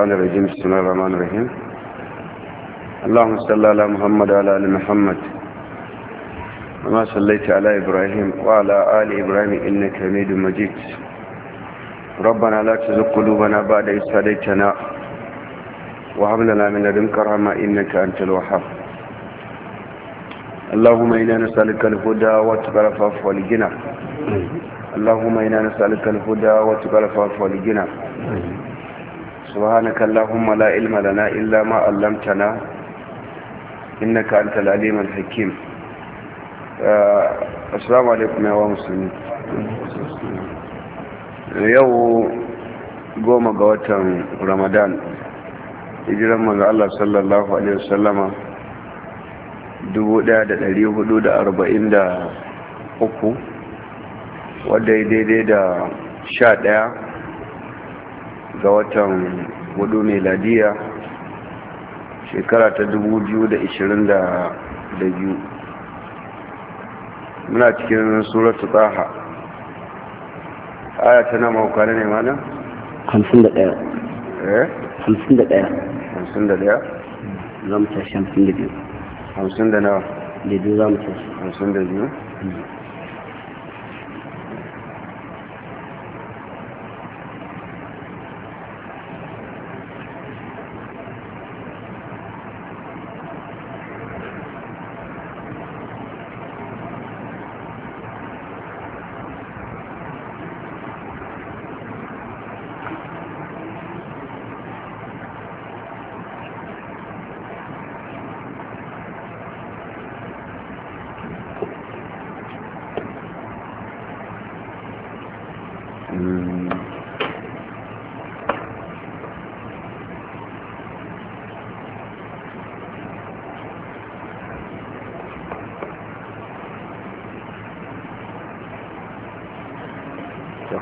الشيطان الرجيم بسم الله الرحمن الرحيم اللهم صل على محمد وعلى ال محمد وما صليت على ابراهيم وعلى ال ابراهيم انك حميد مجيد ربنا لا تزغ قلوبنا بعد إذ هديتنا وهب لنا من لدنك رحمة إنك أنت الوهاب اللهم إنا نسألك الهدى واتقى العفاف والغنى اللهم إنا نسألك الهدى واتقى العفاف والغنى سبحانك اللهم لا علم لنا إلا ما علمتنا إنك أنت العليم الحكيم السلام عليكم يا مسلمين yau goma ga watan ramadan hijiran maza Allah sallallahu Alaihi wasallama 1443 wadda ya daidai da ɗaya ga watan hudu Ladiya shekara ta dubu biyu da ishirin da biyu muna cikin suratu tsaha aya ta nama hukari ne mana? hamsin da ɗaya eh? hamsin da ɗaya hamsin da ɗaya? za mu tashi hamsin da biyu hamsin da nawa? da biyu za mu tashi hamsin da biyu? Hmm.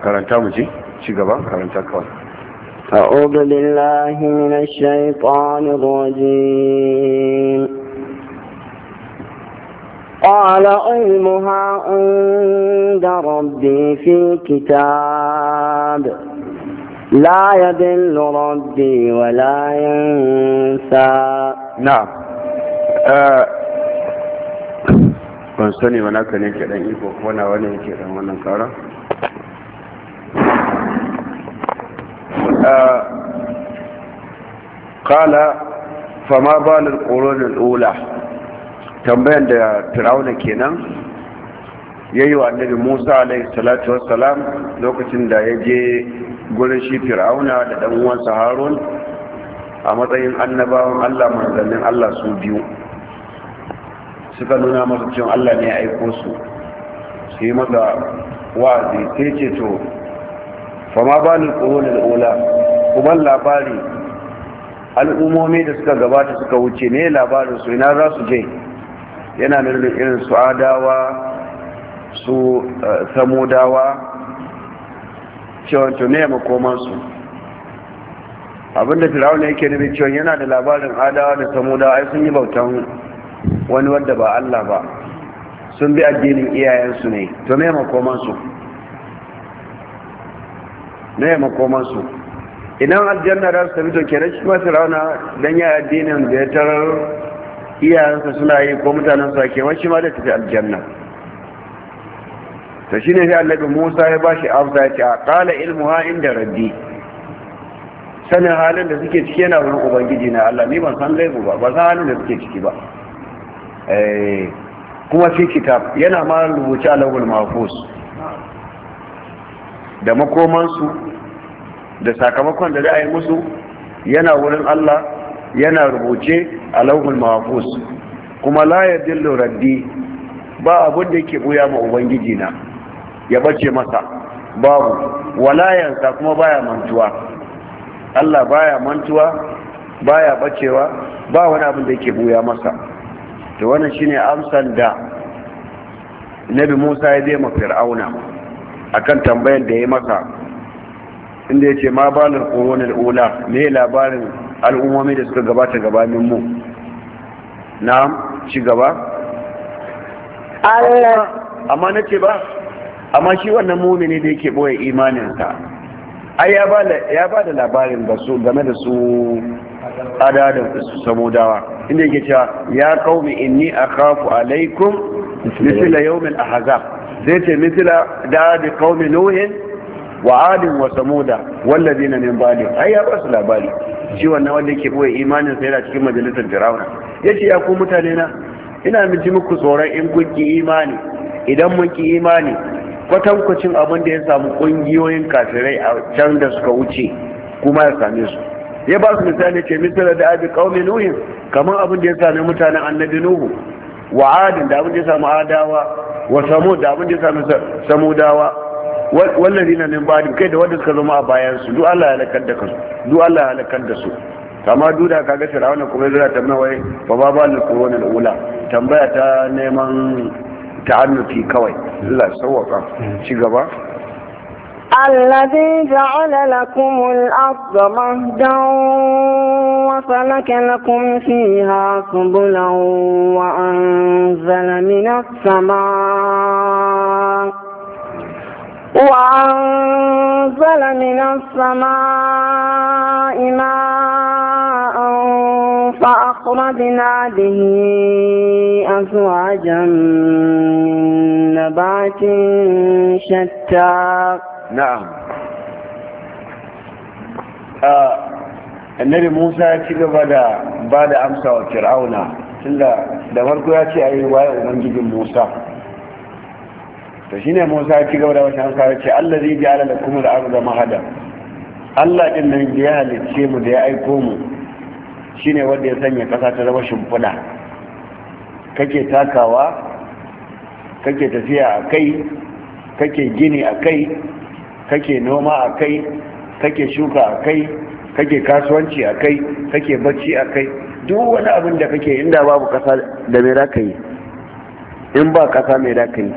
karanta mu ji ci gaba karanta kawai أعوذ بالله من الشيطان الرجيم قال علمها عند ربي في كتاب لا يدل ربي ولا ينسى نعم ban sani wani aka ne ke dan iko wani wani ke wannan kala fama balin ƙoronin ola tambayan da firauna kenan ya yi wa annabi musa alaihissalatu wassalam lokacin da ya je gurin shi firauna da ɗan uwansa harun a matsayin annabawan allah manzannin allah su biyu suka nuna masu cin allah ne ya aiko su su yi masa wa'azi sai ce to fama ba ni tsohon al'ula kuma labari al'ummomi da suka gabata suka wuce ne labarin su ina za su je yana nuna irin su adawa su samudawa cewancu ya makomansu abinda firawuna yake nufi cewa yana da labarin adawa da samudawa ai sun yi bautan wani wadda ba allah ba sun bi addinin iyayensu ne to ya makomansu na ya makomansu idan aljanna da su tafi to kenan shi masu rauna don ya addinin da ya tarar iyayensa suna yi ko mutanen su ake wani ma da tafi aljanna Ta shi ne sai annabi Musa ya bashi amsa ya ce a qala ilmuha inda rabbi sanin halin da suke ciki yana wurin ubangiji na Allah ni ban san laifu ba ba san halin da suke ciki ba eh, kuma fi kitab yana ma rubuce a lawul mahfuz da makomansu da sakamakon da za a yi musu yana wurin Allah yana rubuce a lauhul mahfuz kuma la yadillu raddi ba abin da yake buya ma ubangiji na ya bace masa babu walayansa kuma baya mantuwa Allah baya mantuwa baya bacewa ba wani abin da yake buya masa to wannan shine amsan da Nabi Musa ya zai ma Fir'auna akan tambayar da ya maka inda ya ce ma balin ƙoronar ula ne labarin al'ummomi da suka gabata gabanin mu na ci gaba amma na ce ba amma shi wannan mumini da yake boye imaninsa ai ya ba da labarin ba su game da su adadin su samudawa inda yake cewa ya kaumi inni akhafu alaikum misla a ahzab Zai ce mitila da bi kaumi nuhin wa adin wa samuda wallazina min bali ai ya basu labari shi wannan wanda yake boye imanin sai yana cikin majalisar firawuna yace ya ku mutane na ina miji muku tsoron in kun ki imani idan mun ki imani kwatankwacin abin da ya samu kungiyoyin kafirai a can da suka wuce kuma ya same su ya basu su misali ce mitila da bi kaumi nuhin kamar abin da ya same mutanen annabi nuhu wa da abin da ya samu adawa wa samud da abin da ya sami samudawa na min ba'dihim kai da wanda suka zama a bayan su duk Allah ya halakar da kansu duk Allah ya halakar da su kama duda kaga firawuna kuma zai ta nawai fa ba ba lil qurunil ula tambaya ta neman ta'annuki kawai Allah sawwaka ci gaba الذي جعل لكم الأرض مهدا وسلك لكم فيها سبلا وأنزل من السماء وأنزل من السماء ماء فأخرجنا به أزواجا من نبات شتى na'am annabi musa ya ci gaba da ba da amsa wa fir'auna tunda da farko ya ce a yi waye ubangijin musa to shine musa ya ci gaba da wata amsa ya ce allah zai ji alala kuma da arzu mahada allah din nan da ya halicce mu da ya aiko mu shine wanda ya sanya kasa ta zama shimfiɗa kake takawa kake tafiya a kai kake gini a kai kake noma a kai kake shuka a kai kake kasuwanci a kai kake bacci a kai duk wani abin da kake inda babu kasa da mai zaka yi in ba kasa mai zaka yi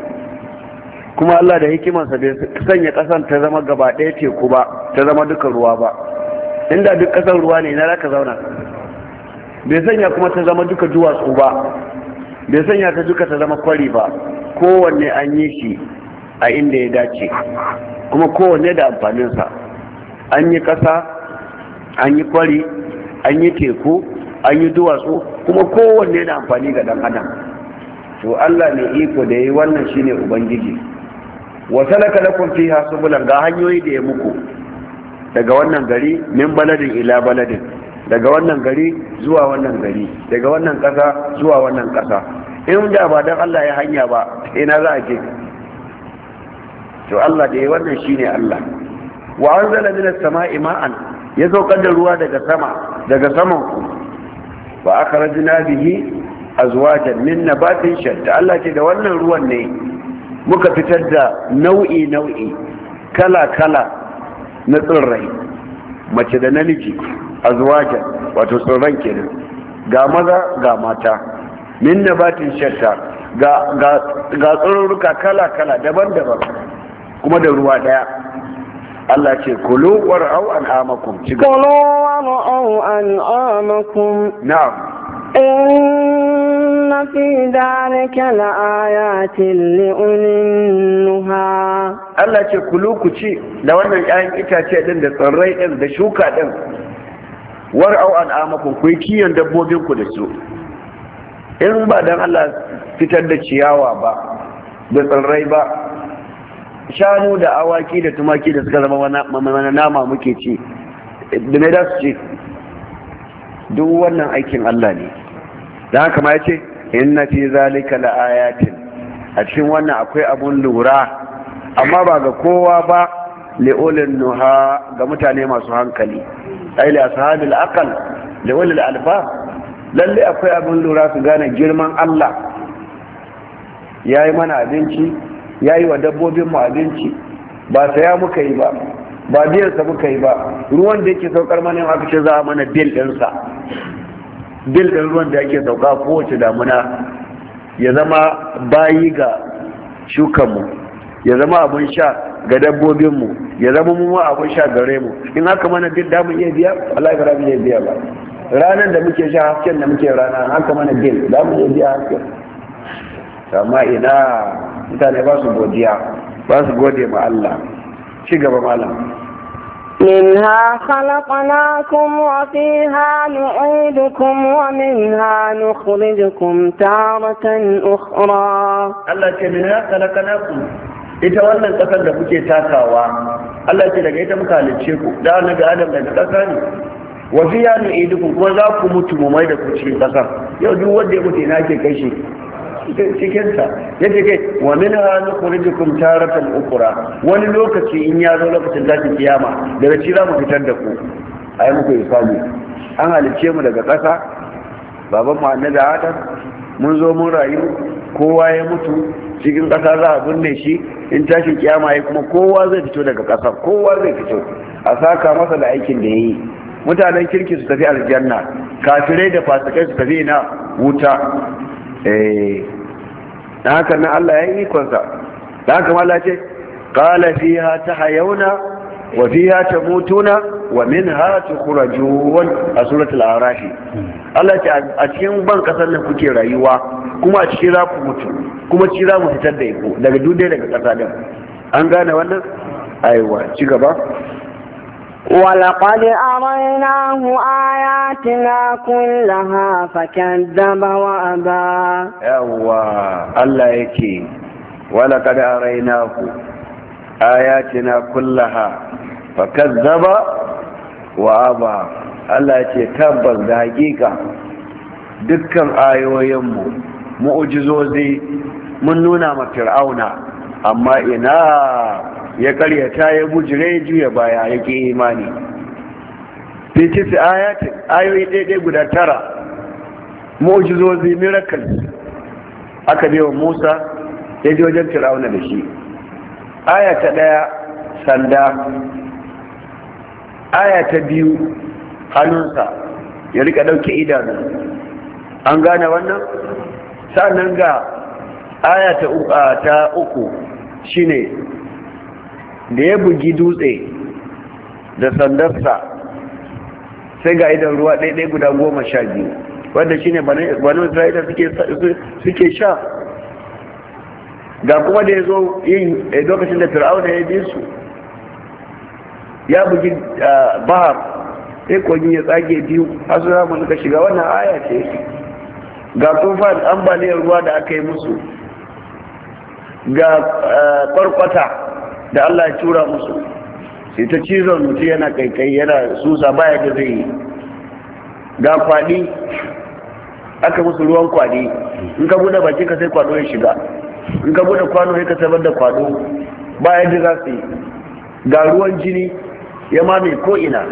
kuma Allah da hikimansa bai sanya kasan ta zama gaba ɗaya teku ba ta zama duka ruwa ba inda duk kasan ruwa ne na raka zauna bai sanya kuma ta zama duka duwatsu ba bai sanya ta duka ta zama kwari ba kowanne an yi shi a inda ya dace kuma kowanne da amfaninsa an yi ƙasa an yi kwari an yi teku an yi duwatsu kuma kowanne da amfani ga ɗan adam to allah ne iko da ya yi wannan shi ne ubangiji wata laka lakon fi hasubulan ga hanyoyi da ya muku daga wannan gari min baladin ila baladin daga wannan gari zuwa wannan gari daga wannan ƙasa zuwa wannan ƙasa in da ba don allah ya hanya ba ina za a je to Allah da ya wannan shi ne Allah wa an zala minas sama'i ma'an ya zo da ruwa daga sama daga saman ku wa na bihi azwajan min nabatin shatta Allah ce da wannan ruwan ne muka fitar da nau'i nau'i kala kala na tsirrai mace da namiji azwajan wato tsirran kenan ga maza ga mata min batin shatta ga tsirurruka kala-kala daban-daban kuma da ruwa daya Allah ce kulu war'au an'amakum kulu an amakum na'am inna fi dhalika la'ayatin li'ulinnuha Allah ce kulu ku ci da wannan 'ya'yan itace din da tsirrai din da shuka din War an amakum ku yi dabbobin ku da su in ba dan Allah fitar da ciyawa ba da tsirrai ba shanu da awaki da tumaki da suka zama mana nama muke ci da me su ce duk wannan aikin Allah ne da haka ma yace inna fi zalika laayatin a cikin wannan akwai abun lura amma ba ga kowa ba li'ulin nuha ga mutane masu hankali ai li ashabil aqal li ulil lalle akwai abun lura su gane girman Allah yayi mana abinci ya yi wa dabbobinmu abinci ba saya muka yi ba ba biyarsa muka yi ba ruwan da yake saukar mana aka ce za a mana bil ɗinsa bil ɗin ruwan da yake sauka kowace damuna ya zama bayi ga shukanmu ya zama abin sha ga dabbobinmu ya zama mu ma abin sha gare mu in haka mana bil da mu iya biya Allah ya rabu iya biya ba ranar da muke sha hasken da muke rana haka mana bil da mu iya biya hasken amma ina mutane ba su godiya ba su gode ma Allah ci gaba malam منها خلقناكم وفيها نعيدكم ومنها نخرجكم تارة أخرى الله منها خلقناكم ita wannan ƙasar da kuke takawa Allah ce daga ita muka halicce ku da annabi Adam daga ƙasa ne wa fiya nu'idukum kuma za ku mutu mu mai da ku cikin ƙasar yau duk wanda ya mutu ina ke kai shi cikinta ya ce kai wa min hannu kurijikum taratan ukura wani lokaci in ya zo lokacin tashin kiyama daga ci za mu fitar da ku a yi muku isali an halicce mu daga ƙasa baban mu annabi adam mun zo mun rayu kowa ya mutu cikin ƙasa za a binne shi in tashin kiyama ya kuma kowa zai fito daga ƙasa kowa zai fito a saka masa da aikin da ya yi mutanen kirki su tafi aljanna kafirai da fasikai su tafi na wuta eh. da haka nan Allah ya yi ikonsa da haka mala ce qala fiha tahayuna wa fiha tamutuna wa minha tukhrajun a suratul a'raf Allah ce a cikin ban kasar nan kuke rayuwa kuma a cikin za ku mutu kuma ci za mu fitar da iko daga dudai daga kasa din an gane wannan aiwa ci gaba ولقد أريناه آياتنا كلها فكذب وأبى يوا الله يكي ولقد أريناه آياتنا كلها فكذب وأبى الله يكي تبز دقيقة دكا آيوينمو مؤجزوزي من نونا ما fir'auna أما إنا ya karyata ya bujire juya baya ke imani fi ayoyi daidai guda tara mu'jizozi miracles aka biyo wa Musa ya ji wajen Fir'auna da shi aya ta daya sanda aya ta biyu hannunsa ya rika dauke idanu an gane wannan sannan ga aya ta uku shine da ya bugi dutse da sandarsa sai ga idan ruwa ɗaiɗai guda goma sha biyu wanda shi ne banu isra'ila suke sha ga kuma da ya zo yin eh, lokacin da fir'auna ya bi su ya bugi ah, bahar sai kogin ya tsage biyu har su zamu nuka shiga wannan aya ce ga tufa ambaliyar ruwa da aka yi musu ga ah, kwarkwata da Allah ya tura musu sai ta cizon mutu yana kaikai yana susa baya da zai yi ga kwaɗi aka musu ruwan kwaɗi in ka buɗe baki ka sai kwaɗo ya shiga in ka buɗe kwano sai ka sabar da kwaɗo baya da za su yi ga ruwan jini ya mame ko ina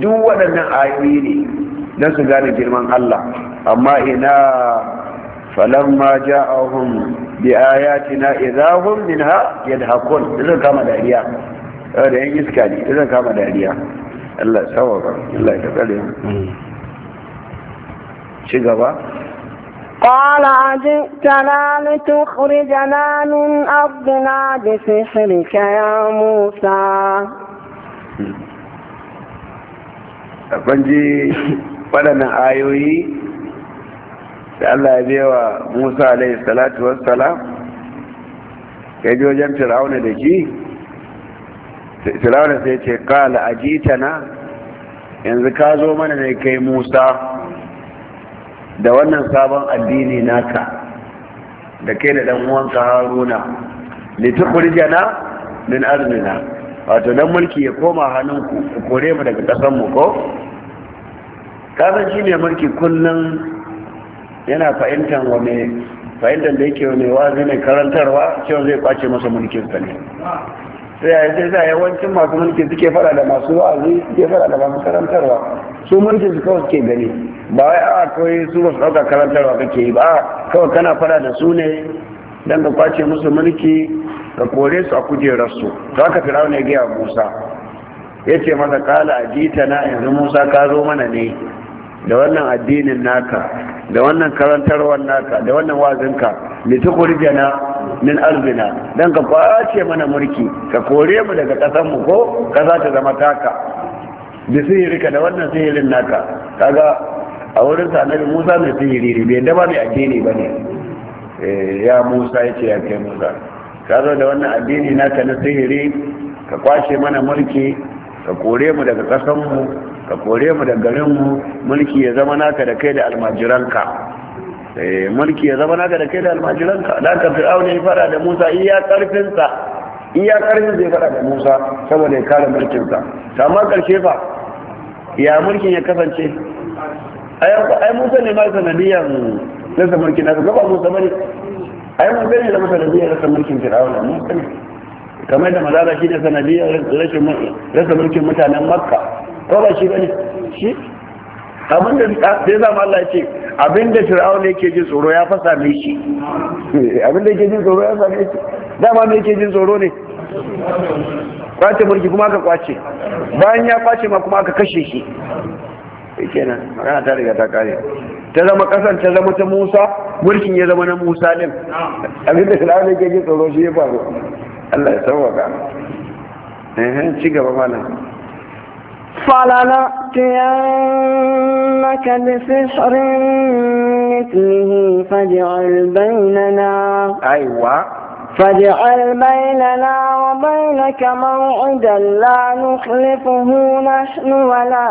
duk waɗannan ayoyi ne don su gane girman Allah amma ina falamma ja'ahum bi ayatina idahum minha yadhakun zan kama dariya da yan iska ne zan kama dariya Allah sawaba Allah ya kare mu ci gaba قال أجئتنا لتخرجنا من أرضنا بسحرك يا موسى أفنجي ولنا آيوي da Allah ya bewa Musa alaihi salatu wassalam Kai ji wajen Fir'auna da shi Fir'auna sai ce qala ajitana yanzu ka zo mana ne kai Musa da wannan sabon addini naka da kai da dan uwanka Haruna litukhrijana min ardina wato dan mulki ya koma hannun ku kore mu daga kasan mu ko kasan shine mulki kullun yana fahimtar wa mai fahimtar da yake mai wazi mai karantarwa cewa zai kwace masa mulkin sa ne sai ya sai sai yawancin masu mulki suke fara da masu wazi suke fara da masu karantarwa su mulki su kawai suke gani ba wai a ah, kawai su ba su ɗauka karantarwa kake yi ba kawai kana fara da su ne don ka kwace musu mulki ka kore su a kujerar su. za ka firawo ne gaya musa ya ce masa kala a jita na yanzu musa ka zo mana ne da wannan addinin naka da wannan karantarwar naka da wannan wazinka na, min arzina dan ka kwace mana mulki ka kore mu daga kasan mu ko za ta zama taka bi sihirika da wannan sihirin naka kaga a wurin sa annabi Musa mai sihiri ne bai da ba mai addini bane eh, ya Musa yace ya kai Musa ka zo da wannan addini naka na sihiri ka kwace mana mulki ka kore mu daga kasan mu ka kore mu da garinmu mulki ya zama naka da kai da almajiranka eh, mulki ya zama naka da kai da almajiranka da ka fi ya fara da musa iya karfinsa iya karfin zai fara da musa saboda ya kare mulkinsa amma karshe fa ya mulkin ya kasance ai musa ne ma sanadiyan rasa mulkin nasa gaba musa bane ai mun ne da masa sanadiyar rasa mulkin fir'auna musa ne kamar da mazaza shi ne sanadiyar rasa mulkin mutanen makka ko ba shi bane shi abin da sai zama Allah ce abin da fir'auna yake jin tsoro ya fasa mai shi abin da yake jin tsoro ya same shi dama me yake jin tsoro ne kwace mulki kuma aka kwace bayan ya kwace ma kuma aka kashe shi kenan magana ta riga ta kare ta zama kasan ta zama ta Musa mulkin ya zama na Musa ne abin da ne yake jin tsoro shi ya faru Allah ya sauwaka eh ci gaba malam فلنأتينك بسحر مثله فاجعل بيننا أيوة فاجعل بيننا وبينك موعدا لا نخلفه نحن ولا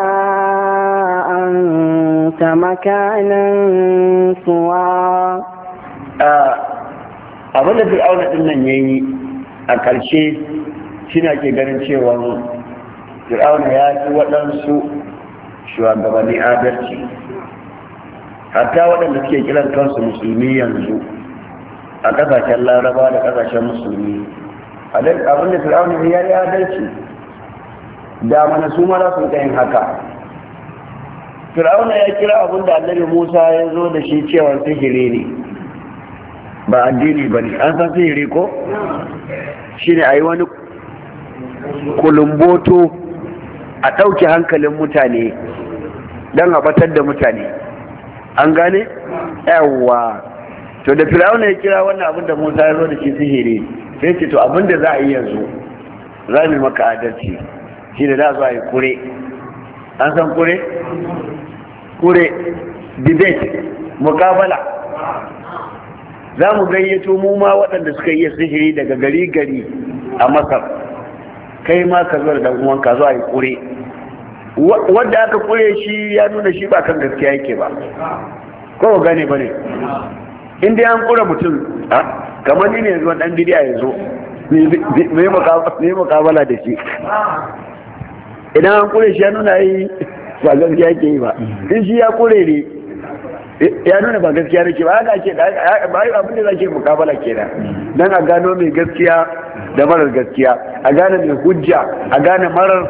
أنت مكانا سوى أظن آه، في أولى أن a ƙarshe shi na ke ganin cewa fir'auna ya fi waɗansu shugabanni adalci hatta waɗanda suke kiran kansu musulmi yanzu a ƙasashen laraba da ƙasashen musulmi abin da fir'auna ya yi adalci da mana su mara sun yin haka fir'auna ya kira abin da annabi musa ya zo da shi cewa sihiri ne ba addini ba ne an san sihiri ko shi ne a yi wani kulumboto a ɗauki hankalin mutane don a batar da mutane an gane yawwa to da firawuna ya kira wannan abin da musa ya zo da shi sihiri sai ce to abin da za a yi yanzu za mu maka adalci shi da za a yi kure an san kure kure debate mukabala za mu gayyato mu ma waɗanda suka iya sihiri daga gari gari a masar kai ma ka zuwa da uwanka zuwa yi ƙure. wadda aka ƙure shi ya nuna shi ba kan gaskiya yake ba ko gane ba ne in dai an ƙura mutum kamar ni ne zuwa wani ɗan bidiya yanzu mai mukabala da shi idan an ƙure shi ya nuna yi ba gaskiya yake yi ba in shi ya ƙure ne ya nuna ba gaskiya ke ba haka ake ba yi abin da zake mukabala kenan dan a gano mai gaskiya da marar gaskiya a gane mai hujja a gane marar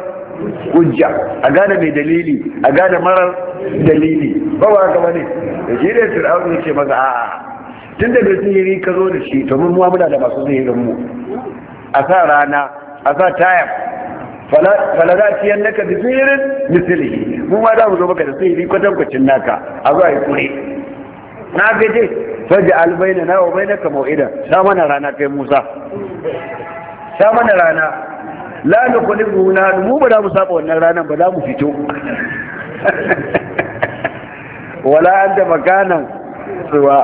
hujja a gane mai dalili a gane marar dalili ba wa haka ne da shi ne fir'aun ya ce maza a'a tun da bai sihiri ka zo da shi to mun muna da masu sihirin mu a sa rana a sa tayar fala za ci yannaka da sihirin misali mu ma za mu zo maka da sihiri kwatankwacin naka a zuwa yi kure na gaje faji albaina na wa bainaka mau'ida sha mana rana kai musa sha mana rana la nuqlibu na mu ba za mu saba wannan ranar ba za mu fito wala da makanan suwa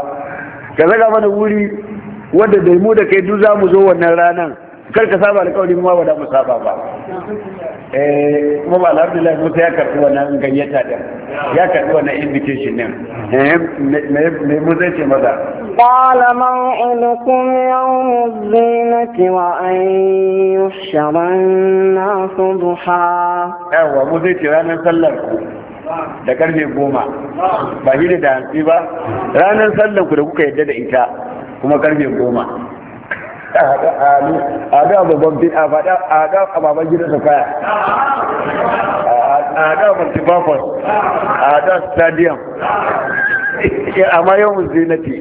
ka zaga mana wuri wanda daimu da kai duk za mu zo wannan ranar kar ka saba alƙawari ma ba da mu saba ba eh kuma ba alhamdulillah mu sai ya karbi wannan gayyata din ya karbi wannan invitation din eh me mu zai ce maza qala maw'idukum yawm az-zinati wa an yuhshara an-nasu duha yawa mu zai ce ranan sallar ku da karfe goma ba shi da hantsi ba ranan sallar ku da kuka yadda da ita kuma karfe goma faɗa haɗa alu a ga babban faɗa a ga su kaya a ga a ga stadium amma zinati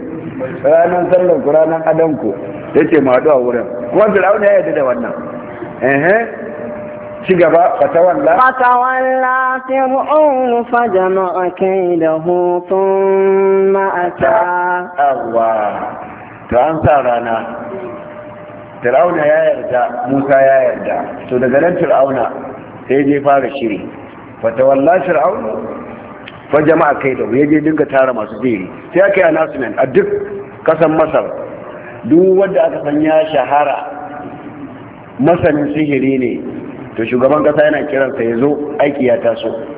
ranar sallar ku ranar adanku ya ce ma a wurin kuma firawun ya yarda da wannan ci gaba fatawalla fatawalla fir'un fa jama'a kaidahu thumma ata awwa to an sa rana fir'auna ya yarda musa ya yarda to daga nan fir'auna sai je fara shiri fata walla fir'auna fa jama'a kai da ya je dinga tara masu jeri sai aka yi announcement a duk kasan masar duk wanda aka san ya shahara masanin sihiri ne to shugaban kasa yana kiransa ya zo aiki ya taso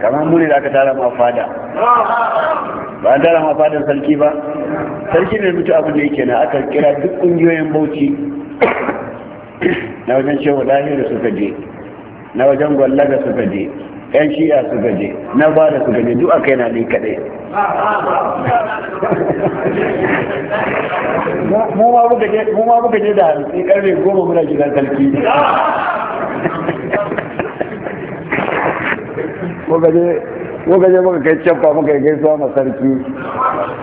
kamar muni da aka tara ma fada ba an tara ma fadan sarki ba sarki ne mutu abin da yake na aka kira duk kungiyoyin bauchi na wajen shehu lahiru suka je na wajen gwallaga suka je yan shiya suka je na bada suka je duk aka yana ne kadai mu ma muka je da hantsi ƙarfe goma muna gidan sarki muka je muka kai cefa maka yi gaisuwa ma sarki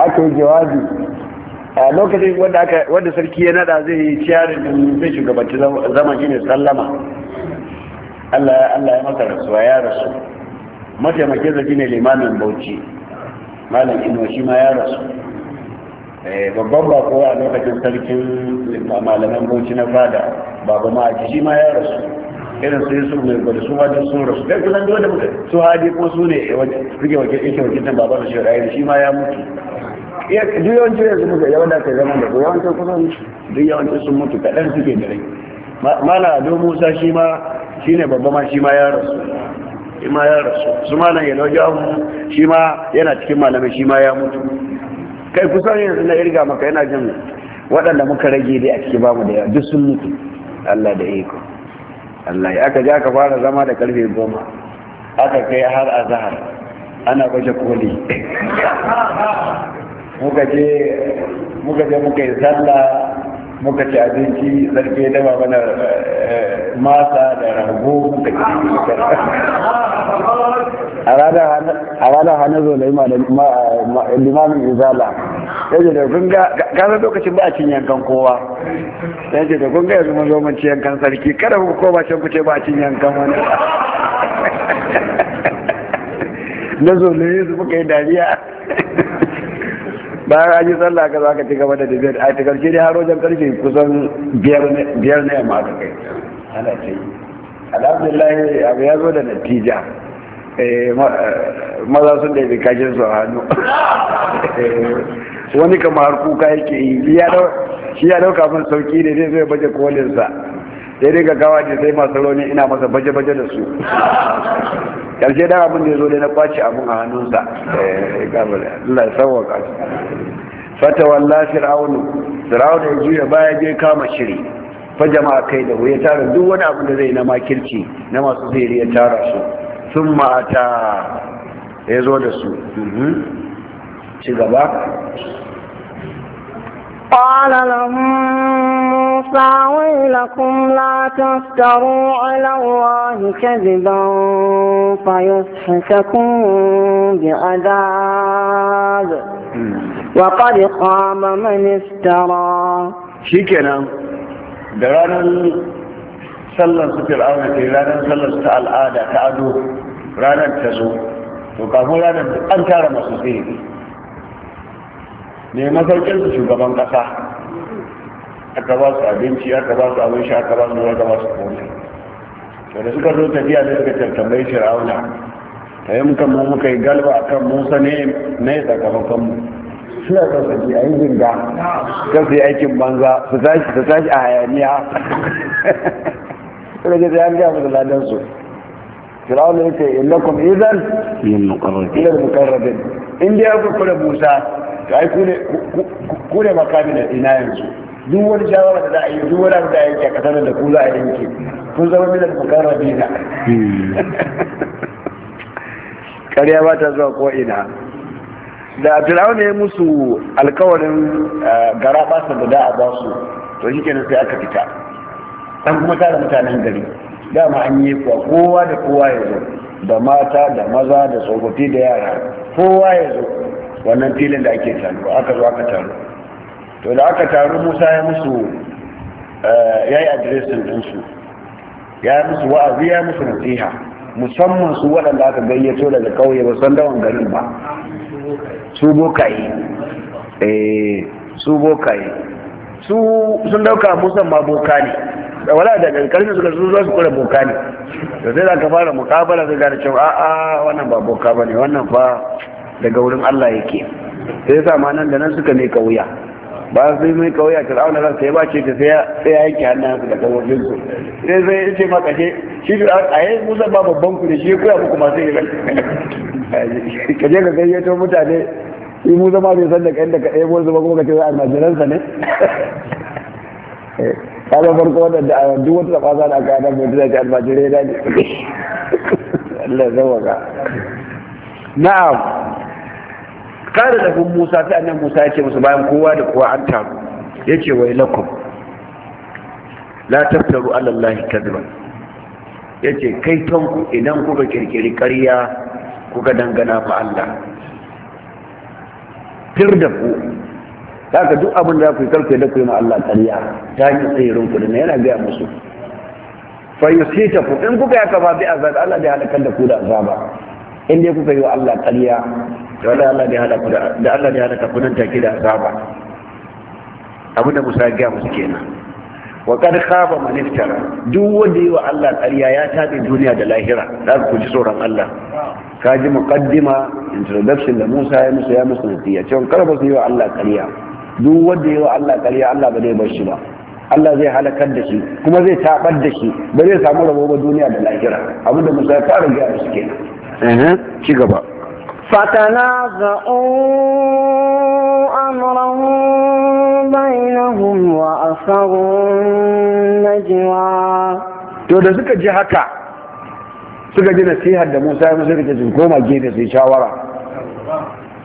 aka yi jawabi a lokacin wanda sarki ya nada zai yi ciyarin din zai shugabanci zama shine sallama Allah Allah ya masa rasuwa ya rasu mataimakin zaki ne limamin Bauchi malam Ino shi ma ya rasu eh, babban bako a lokacin sarkin malaman Bauchi na fada Babu ma shi ma ya rasu irin su yusuf mai gwada su ma sun rasu kai kusan dole muka su hadi ko su ne suke wakil yake wakiltan baba da shi ra'ayi shi ma ya mutu duk yawancin yanzu muka yawan da kai zaman da ko yawancin kusan duk yawancin sun mutu kaɗan suke da rai mala ado musa shi ma shi ne babba ma shi ma ya rasu shi ma ya rasu su malam yalo abu shi ma yana cikin malamai shi ma ya mutu kai kusan yanzu na irga maka yana jin waɗanda muka rage dai a cikin bamu da yawa duk sun mutu Allah da iko Allah aka ja ka fara zama da karfe goma aka kai har a zahar ana baje koli muka je muka je muka yi sallah muka ci abinci sarki da ba mana eh, masa da rago muka ci a ranar hannu zo da limamin izala yace da gunga gano lokacin ba a cin yankan kowa yace da gunga yanzu mun zo mun ci yankan sarki kada ku koma can kuce ce ba a cin yankan wani na zo ne yanzu muka yi dariya bayan an yi sallah ka za ka ci gaba da debate a ta karshe dai har wajen karshe kusan biyar na yamma ka kai ana ce alhamdulillah abu ya zo da natija Eh, eh, maza sun da kashin su a hannu eh, wani kamar kuka yake yi shi ya dauka min sauki ne zai zai baje kolinsa sai dinga gawa ne sai masu rauni ina masa baje-baje da su ƙarshe da abin da ya zo da na kwaci abin a hannunsa Allah ya sauwaka fata walla fir'aunu fir'aunu ya juya baya je kama shiri fa jama'a kai da ya tara duk wani abu da zai na makirci na masu zai ya tara su sun mata ya zo da su ci gaba قال لهم موسى ويلكم لا تفتروا على الله كذبا فيسحتكم بأداب وقد قام من افترى شكرا da sallar su fir'auna ta yi ranar sallar su ta al'ada ta ado ranar ta zo to kafin ranar an tara masu tsiri ne masaukin su shugaban kasa aka ba su abinci aka ba su abin sha aka ba su ruwa ba su komai to da suka zo tafiya da suka tattambai fir'auna ta yi muka mu muka yi galba a kan musa ne na yi sakamakon mu suna da saki a yi zinga kan su yi aikin banza su tashi a hayaniya sai da ya ga musu ladansu firawun ya ce innakum idan min muqarrabin in dai aka kula Musa to ai kune kune makami da ina yanzu duk wani shawara da za a yi duk wani abu da a yanke a kasar da ku za a yanke kun zama min na hmm. ƙarya ba ta zuwa ko ina da firawun ya musu alkawarin eh, gara basa da da a su to shi kenan sai aka fita an kuma tara mutanen gari dama an yi kuwa kowa da kowa ya zo da mata da maza da tsofaffi da yara kowa ya zo wannan filin da ake taru aka zo aka taru to da aka taru musa ya musu eh, ya yi adiresin ɗinsu ya yi musu wa'azi ya musu nasiha musamman su waɗanda aka gayyato daga kauye ba san dawan garin ba su bokaye eh su bokaye su sun dauka musamman ma boka ne da wala da karfi suka su su kura boka ne da sai za ka fara mukabala sai gane cewa a'a wannan ba boka ba ne wannan fa daga wurin Allah yake sai sa ma nan da nan suka mai kauya ba sai mai kauya za ran sai ba ce ta sai ya yanke su daga wajen su sai sai ya ce maka ce shi da a yanzu musa ba babban ku ne shi ya koya muku masu yi ka je ka gayyato mutane shi musa ma bai san da kan da ka ɗaya ba kuma ka ce za a najiransa ne eh. kaga farko wadanda a duk wata tafasa da aka adam mutu da ta almajirai da ne Allah zawaka na'am kada da kun Musa ta annan Musa ya ce musu bayan kowa da kowa an taru ce wai lakum la taftaru ala Allah Ya ce kai tanku idan kuka kirkiri karya kuka dangana fa Allah Fir da ku haka duk abin da kai karfe da ku yi ma Allah ƙarya ta yi tsayirin ku ne yana gaya musu fa yusita ku in kuka yaka ba bi azab Allah bai halaka da ku da azaba in dai kuka yi wa Allah ƙarya da Allah bai halaka da Allah bai halaka ku nan take da azaba abin da Musa ya gaya musu kenan wa kad khaba man iftara duk wanda yi wa Allah ƙarya ya tabe duniya da lahira da ku ji tsoron Allah kaji muqaddima introduction da Musa ya musu ya musu nasiya cewa kar ba su yi wa Allah ƙarya duk wanda wa Allah ƙarya Allah ba zai bar shi ba Allah zai halakar da shi kuma zai tabar da shi ba zai samu rabo ba duniya da lahira abinda musa fara gaya da suke ci gaba fatanaza'u amrahum bainahum wa asarru najwa to da suka ji haka suka ji nasihar da Musa ya musu da jin koma gefe sai shawara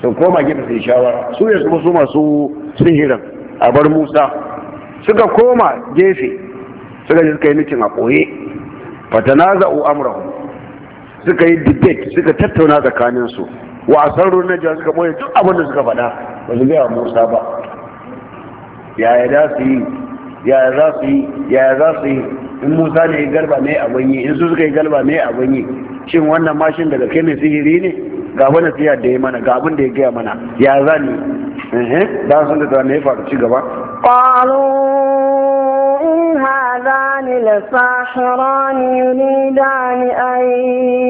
su koma gida su yi shawara su ne su masu sihirin a bar musa suka koma gefe suka ji suka yi mitin a ɓoye fatana za'u amrahu suka yi debate suka tattauna tsakaninsu wa asarru na jiya suka ɓoye duk abin da suka faɗa ba su gaya musa ba yaya za su yi yaya za su yi yaya za su yi in musa ne ya garba ne abin yi in su suka yi garba ne abin yi shin wannan mashin daga kai mai sihiri ne ga mana tsiya da ya mana ga abin da ya gaya mana ya zani da sun da ta ne faru ci gaba ƙwaro in ha zani la sahara ni ni dani ai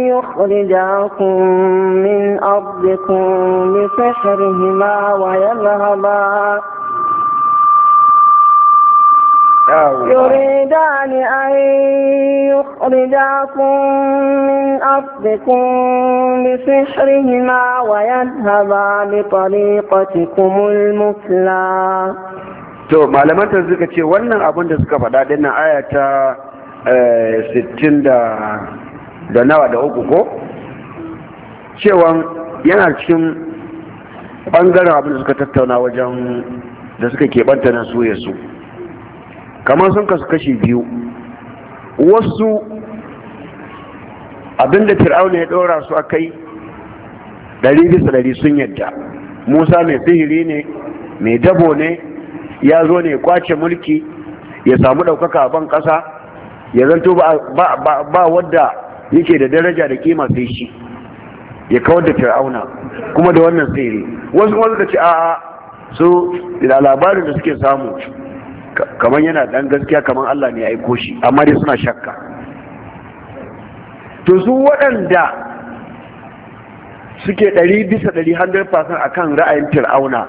yukhri da min abdikun li sahari ma wa yalha يريدان أن يخرجاكم من أرضكم بسحرهما ويذهبا بطريقتكم المثلى to malaman ta suka ce wannan abin da suka faɗa din nan aya ta 60 eh, da nawa da uku ko cewa yana cikin bangaren abin da suka tattauna wajen da suka keɓanta na su ya su kamar sun kasu kashi biyu wasu abinda fir'auna ya ɗora su a kai ɗari bisa ɗari sun yadda musa mai sihiri ne mai dabo ne ya zo ne kwace mulki ya samu ɗaukaka a ban ƙasa ya zanto ba wadda yake da daraja da kima sai shi ya kawar da fir'auna kuma da wannan sihiri wasu wasu ce a'a su da labarin da suke samu kamar yana dan gaskiya kamar Allah ne ya aiko shi amma dai suna shakka to su waɗanda suke ɗari bisa ɗari 100% akan ra'ayin fir'auna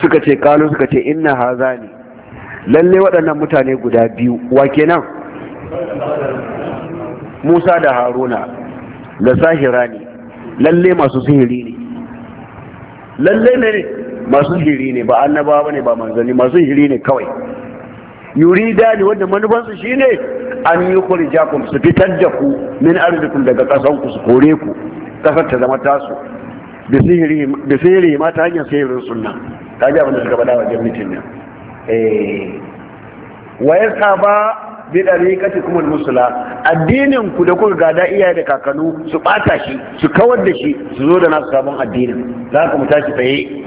suka ce kalu suka ce inna haza ne lalle waɗannan mutane guda biyu wa kenan musa da haruna da sahira ne lalle masu sihiri ne lalle ne masu sihiri ne ba annabawa ne ba manzanni masu sihiri ne kawai yuridani wanda manufansu shine an yi ku su fitar da ku min arzikum daga kasan ku su kore ku kasar ta zama tasu da sihiri ma ta hanyar sihirin sunna ta ji abin da suka faɗa wajen mitin nan wa eh. ya saba bi dariqati kumul musula addinin ku da kuka gada iyaye da kakanu su bata shi su kawar da shi su zo da nasu sabon addinin za ka mu tashi tsaye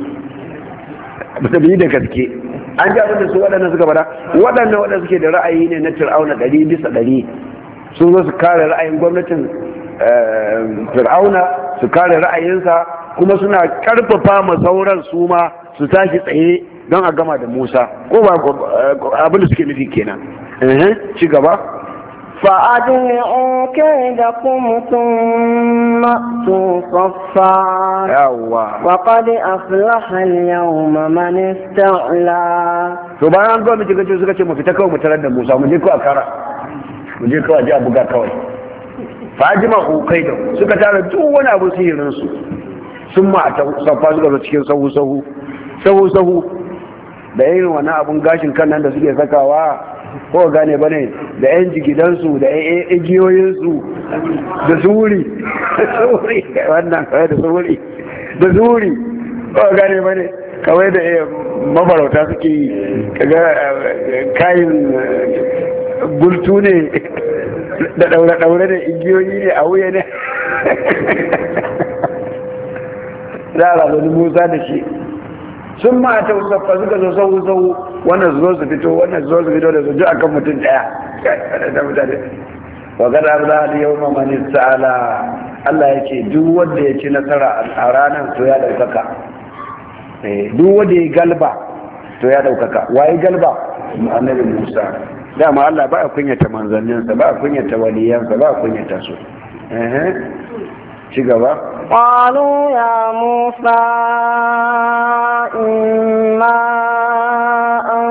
mu da gaske an ji abinda su waɗannan suka faɗa waɗannan waɗanda suke da ra'ayi ne na fir'auna ɗari bisa ɗari sun zo su kare ra'ayin gwamnatin eh, fir'auna su kare ra'ayinsa kuma suna ƙarfafa ma sauran su ma su tashi tsaye don a gama da musa ko ba eh, abinda suke nufi kenan ci gaba فأجمعوا كيدكم ثم أتوا صفا وقد أفلح اليوم من استعلى to bayan an zuwa mu suka ce mu fita kawai mu tarar da Musa mu je ko a kara mu je kawai je a buga kawai fajima hukai da suka tara duk wani su sun cikin sahu sahu sahu sahu da irin wani abun gashin kan nan da suke sakawa ko gane ba ne da 'yan jigidansu da 'yan igiyoyinsu da zuri wannan kawai da zuri da zuri ko gane ba ne kawai da eh, mafarauta suke eh, kayan bultu eh, ne da daura-daura da igiyoyi ne a wuya ne za a rabu musa da shi sun ma ta usaffa suka zo sau sau wannan zo su fito su zo su fito da su a kan mutum daya da mutane wa gada za a yau mamani sa'ala Allah ya ce duk wanda ya ci nasara a ranar to ya ɗaukaka eh, duk wanda ya galba to ya ɗaukaka waye galba annabi Musa dama Allah ba a kunyata manzanninsa ba a kunyata waliyansa ba a kunyata su ci gaba قالوا يا موسى إما أن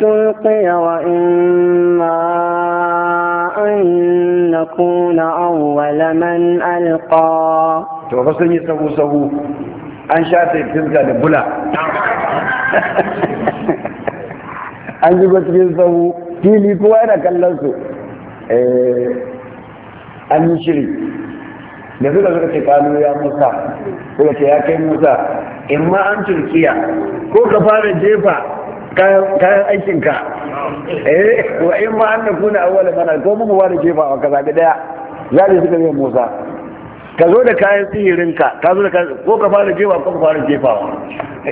تلقي وإما أن نكون أول من ألقى توفصل يسهو سهو an shafe fiska da bula an ji cikin sahu fili kowa yana kallon su eh, an yi shiri da suka suka ce kano ya musa suka ce ya kai musa in ma an turkiya ko ka fara jefa kayan aikinka eh wa in ma an na kuna awwala mana ko mu da jefa wa kaza daya zai suka yi musa ka zo da kayan sihirinka ka zo da kayan ko ka fara jefa ko ka fara jefawa eh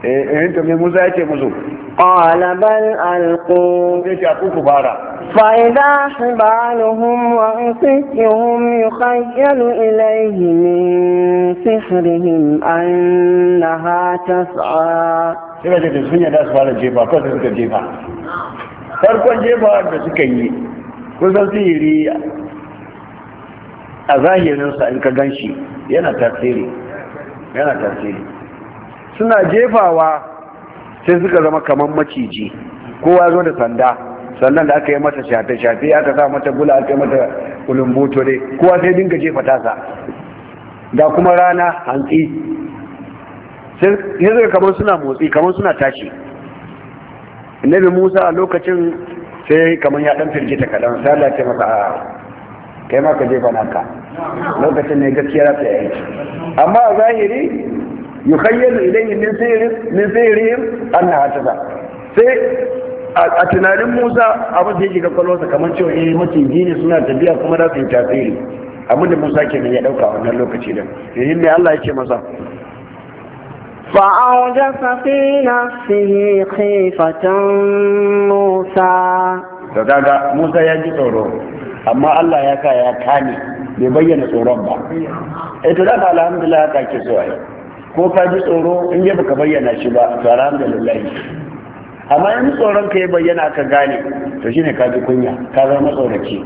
eh, eh to me Musa yace musu qala bal alqu yace ku ku fara fa idha hibaluhum wa asihum yukhayyalu ilayhi min sihrihim annaha tas'a sai da sun yada su fara jefa ko suka jefa farkon jefa da suka yi kusan sihiri a zahirinsa in ka gan shi yana tasiri yana tasiri suna jefawa sai suka zama kamar maciji kowa zo da sanda sannan da aka yi mata shafe-shafe aka sa mata gula aka yi mata kulumboto dai kowa sai dinga jefa tasa da kuma rana hantsi sai suka kamar suna motsi kamar suna tashi annabi musa a lokacin sai kamar ya dan firgita kaɗan sai Allah ya ce masa a kai ma ka jefa naka lokacin ne gaskiya za ta yi amma a zahiri yukhayyalu ilayhi min yi min sirrin annaha taza sai a tunanin Musa abin da yake ga kwalwarsa kamar cewa yi eh, maciji ne suna tafiya kuma za su yi tasiri abin da Musa ke ya dauka wannan lokaci da yi ne Allah yake masa فأوجس fatan Musa. Da daga Musa ya ji tsoro. amma Allah ya ka ya kane bai bayyana tsoron ba eh to da alhamdulillah haka ke so ai ko ka ji tsoro in ya baka bayyana shi ba to alhamdulillah amma in tsoron ka ya bayyana ka gane to shine ka ji kunya ka zama tsoraci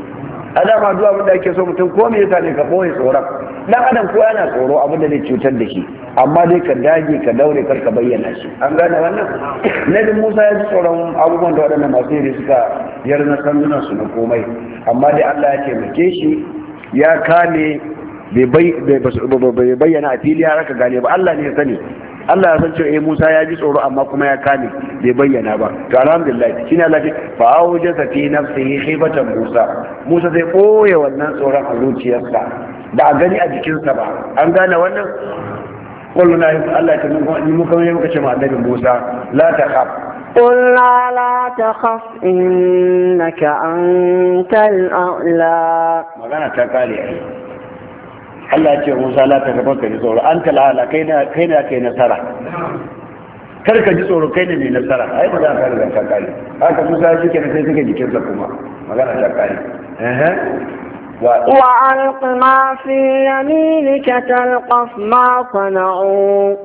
a da ma abin da ake so mutum ko me yasa ne ka boye tsoron dan adam ko yana tsoro abin da zai cutar da shi amma dai ka dage ka daure kar ka bayyana shi an gane wannan nabi Musa ya ji tsoron abubuwan da waɗannan masu yi suka yar na sandunan su na komai amma dai Allah ya taimake shi ya kame bai bayyana a fili har ka gane ba Allah ne ya sani Allah ya san cewa eh Musa ya ji tsoro amma kuma ya kame bai bayyana ba to alhamdulillah shine Allah ya fa awjasa fi nafsihi khibatan Musa Musa zai koye wannan tsoron a zuciyarsa ba a gani a jikinsa ba an gane wannan kulluna Allah ya tuni mu kuma muka ce ma annabi Musa la takhaf قلنا لا تخف إنك أنت الأعلى ما كانت تقالي Allah ce Musa la ta gaban ka ji tsoro an ta lahala kai na kai na kai nasara kar ka ji tsoro kai ne mai nasara ai ba za ka riga ka kai haka Musa shi ke sai suka jikin sa kuma magana ta kai eh wa وألق ما في يمينك تلقف ما صنعوا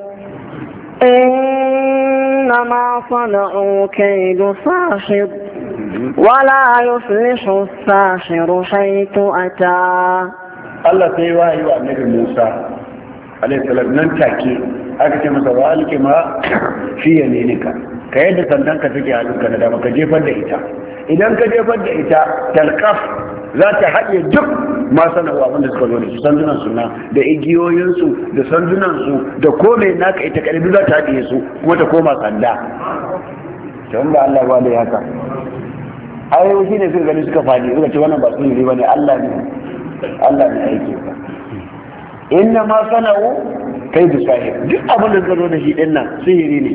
إنما صنعوا كيد ساحر ولا يفلح الساحر حيث أتى Allah sai wa yi wa annabi Musa alaihi salam nan take aka ce masa wa alki ma fi yaminika ka yadda sandan ka take hannunka na dama ka jefar da ita idan ka jefar da ita talqaf za ta haɗe duk masana wa da suka zo da su sandunan su na da igiyoyinsu da sandunan su da komai naka ita karibi za ta haɗe su kuma ta koma sanda don ba Allah ba da haka ayoyi ne suka gani suka faɗi suka ce wannan ba sun yi ba ne Allah ne Allah ne aike ka inna ma sana'u kai da sahib duk abin da zaro da shi din nan sihiri ne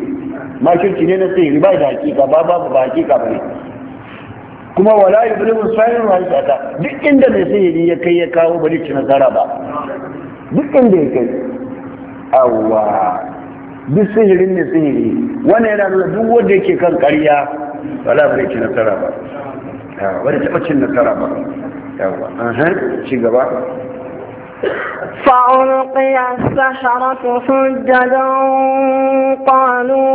makirci ne na sihiri ba da hakika ba ba ba hakika ba ne kuma wala yublimu sahib wa ta duk inda mai sihiri ya kai ya kawo bari ci nasara ba duk inda ya kai awwa duk sihirin ne sihiri wannan yana nuna duk wanda yake kan ƙarya wala bari ci nasara ba wani taɓa cin nasara ba فألقي السحرة سجدا قالوا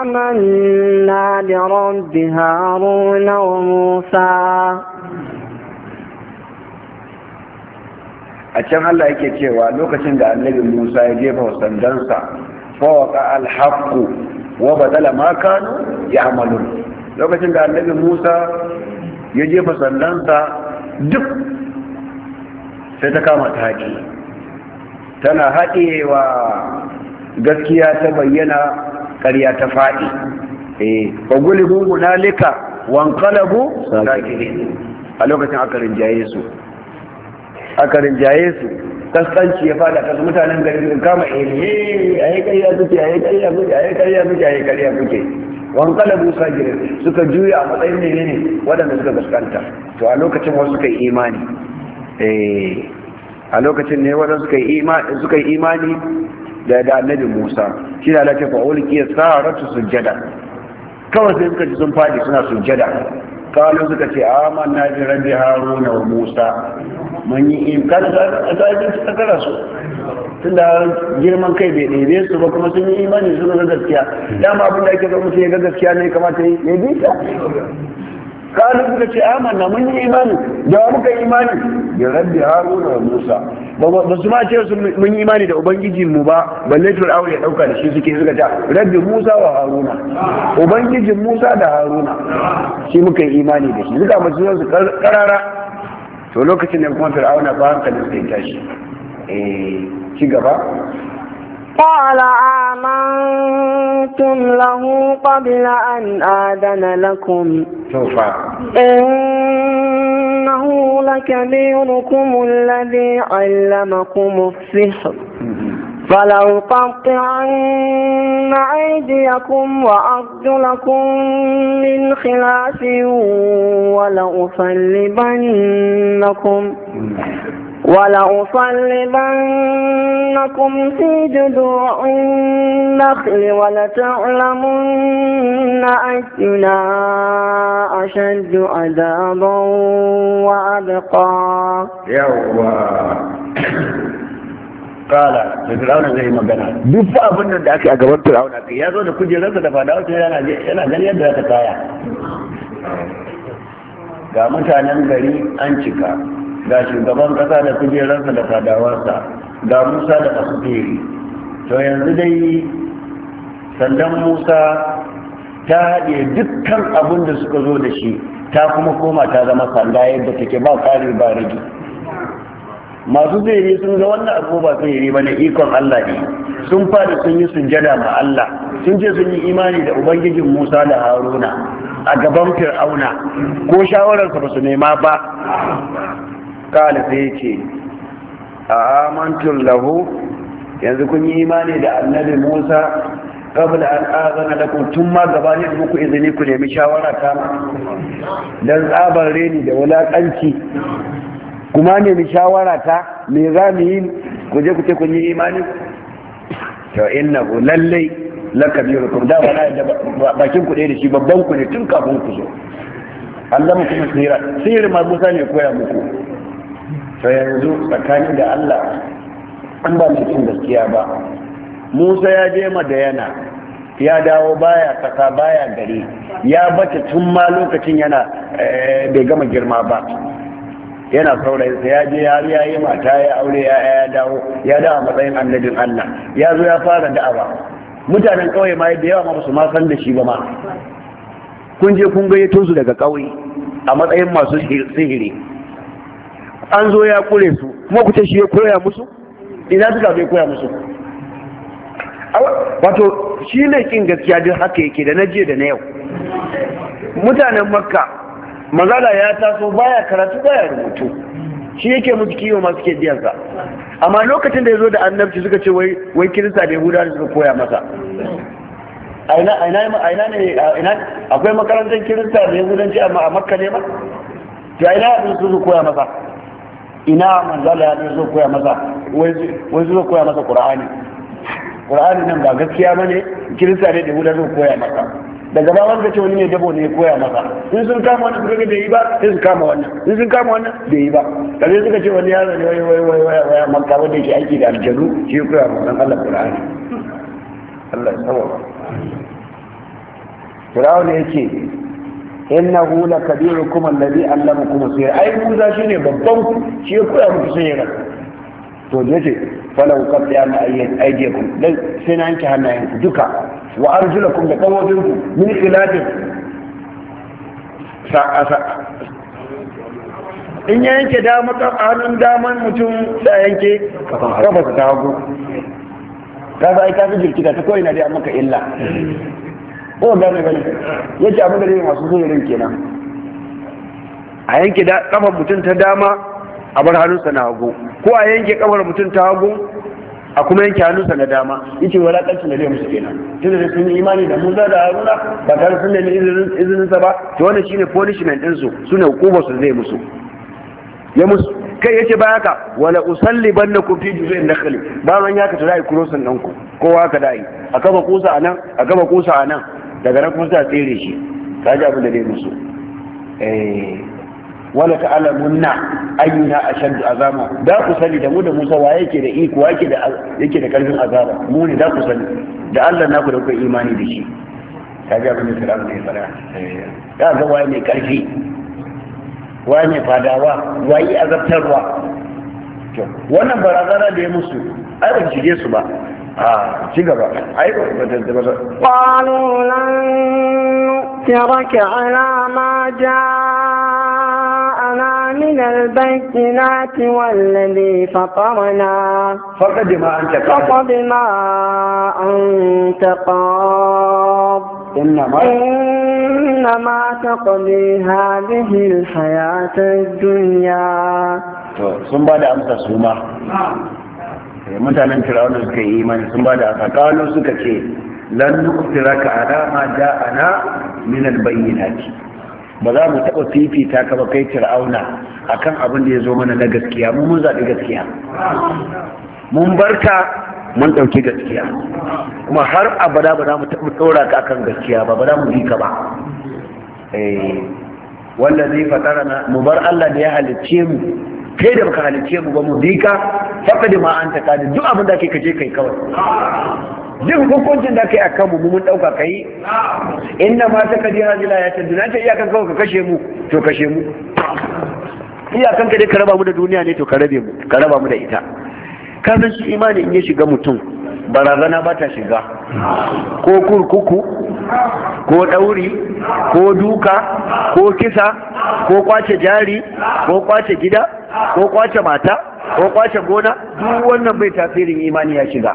آمنا برب هارون وموسى لا أتشم الله يكي تشيوا لوكا تشند النبي موسى يجيبه سندنسا فوق الحق وبدل ما كانوا يعملون لوكا تشند النبي موسى ya jefa sandansa duk sai ta kama ta haƙi tana haƙewa gaskiya ta bayyana ƙarya ta faɗi e eh fagulibu hunalika wankalabu sakirin a lokacin akarin jaye su akarin jaye su kaskanci ya fada kasu mutanen garin kama ehe a yi ƙarya a yi ƙarya kuke ayi ƙarya ƙarya kuke Musa sajidin suka juya a matsayin menene waɗanda suka gaskanta to a lokacin wasu suka yi imani eh, a lokacin ne waɗanda suka yi imani da da annabi Musa shi da lake fa ulqiya saratu sujjada kawai sai suka ji sun fadi suna sujjada kawai suka ce amma na rabbi haruna musa manyi yi im ka da zagin su takara su tun da girman kai bai ɗebe su ba kuma sun yi imani su ga gaskiya dama abin da ake zo musu ya ga gaskiya ne kamata ya bi ta kalu suka ce amanna mun yi imani da muka yi imani ya rabbi haruna da musa ba su ma ce mun yi imani da ubangijin mu ba balle aure ya dauka da shi suke suka ta rabbi musa wa haruna ubangijin musa da haruna shi muka yi imani da shi suka mace su karara to lokacin da kuma fir'auna ba hankalin sai tashi eh ci gaba قال آمنتم له قبل أن آذن لكم توفى إنه لكبيركم الذي علمكم السحر فلو قطعن أيديكم وأرجلكم من خلاف ولأصلبنكم ولأصلبنكم في جذوع النخل ولتعلمن أينا أشد عذابا وأبقى kala da fir'auna zai magana duk fa abin da aka a gaban fir'auna kai ya zo da kujerarsa da fada wata yana yana gani yadda zaka kaya ga mutanen gari an cika ga shugaban kasa da kujerarsa da fadawarsa ga musa da masu to yanzu dai sandan musa ta haɗe dukkan abin da suka zo da shi ta kuma koma ta zama sanda yadda take ba ƙari ba rage masu sihiri sun ga wannan abu ba yi ba ne ikon Allah ne sun fara sun yi sujjada ma Allah sun ce sun yi imani da ubangijin Musa da Haruna a gaban Fir'auna ko shawarar ba su nema ba kala sai yake a lahu yanzu kun yi imani da annabi Musa kabla an azana lakum tun ma gabani muku izini ku nemi shawara ta dan tsabar reni da wulakanci kuma ne ni shawara ta me za mu yi ku je ku ce kun yi imani to ku, lallai lakabirukum da wala da bakin ku da shi babban ku ne tun kafin ku zo Allah mu kuma tsira sirri ma Musa ne koya muku to yanzu tsakanin da Allah an ba mu cin gaskiya ba Musa ya je yana, ya dawo baya kasa baya gari ya bace tun ma lokacin yana eh, bai gama girma ba yana saurayin sa ya je ya yi mata ya aure ya ya dawo ya dawo matsayin annabin Allah ya zo ya fara da'awa mutanen kauye ma da yawa ma su ma san da shi ba ma kun je kun gayyato su daga kauye a matsayin masu sihiri an zo ya kure su kuma ku shi ya koya musu ina suka ya koya musu wato shi ne kin gaskiya duk haka yake da na je da na yau mutanen makka mazala ya taso baya karatu baya rubutu shi yake mutu kiwo masu ke biyansa amma lokacin da ya zo da annabci suka ce wai kirista da yahuda da suka koya masa aina ne akwai makarantar kirista da yahudanci amma a makka ne ba to aina abin su su koya masa ina manzala ya zo koya masa wai su koya masa qur'ani qur'ani nan ba gaskiya bane kirista ne da yahuda su koya masa daga ba wanda ce wani ne dabo ne koya maka in sun kama wani kuma bai yi ba sai su kama wannan in sun kama wannan bai yi ba kaje suka ce wani yaro ne wai wai wai wai wai ka wanda yake aiki da aljanu shi ya koya maka Allah Qur'ani Allah ya Qur'ani ne yake innahu lakabirukum alladhi allamakum sir ai shi ne babban ku shi ya koya muku sirra to yace falau qad ya'ma ayyakum sai na yanke hannayen ku duka wa arjulakum da kawofinku min khilafin in ya yanke dama hannun daman mutum da yanke kafa ta hagu ka za a yi kafin da ta kawai na dai maka illa ko gane gani ya ce abin da zai masu zuwa kenan a yanke kafar mutum ta dama a bar hannunsa na hagu ko a yanke kafar mutum ta hagu a kuma yanke hannunsa na dama yake walakanci na zai musu kenan tun da sun yi imani da Musa da Haruna ba tare sun nemi izinin sa ba to wannan shine punishment din su sune hukumar su zai musu ya musu kai yace ba haka wala usallibannakum fi juz'in nakhli ba man yaka tura ai kurosan dan ku kowa ka dai a kafa kusa anan a kafa kusa anan daga nan kuma sai a tsere shi kaji abin da zai musu eh wala ta'lamunna ayyuna ashaddu azama da ku sani da mu da Musa wa yake da iko yake da yake da karfin azaba mu ne da ku sani da Allah naku da ku imani da shi kaga abin da Fir'aun ne fara da ga waye ne karfi waye ne fadawa waye azabtarwa to wannan barazana da ya musu ai ba shige su ba a ci gaba ai ba ta ba qalu lan nu'tiraka من البينات والذي فطرنا فقد ما أنت قاض فقد ما أنت قاض إنما إنما تقضي هذه الحياة الدنيا sun ba da amsa su ma mutanen firawunan suka yi imani sun ba da amsa kawo suka ce lan firaka ana ma ba za mu taɓa fifita ka ba kai fir'auna akan abin da ya zo mana na gaskiya mun mun zaɓi gaskiya mun barka mun ɗauki gaskiya kuma har abada ba za mu taɓa ɗora ka akan gaskiya ba ba za mu bi ka ba eh, wanda zai fatara na mu bar Allah da ya halicce mu kai da baka halicce mu ba mu bi ka faɗa da ma'anta ka da duk abin da ake kaje kai kawai duk hukuncin da kai akan mu mun dauka kai inna ma ta kaji hazila ya ta duna ta iyakan kawai ka kashe mu to kashe mu iyakan ka dai ka raba mu da duniya ne to ka rabe mu ka raba mu da ita kafin shi imani in ya shiga mutum barazana ba ta shiga ko kurkuku ko ɗauri ko duka ko kisa ko kwace jari ko kwace gida ko kwace mata ko kwace gona duk wannan bai tasirin imani ya shiga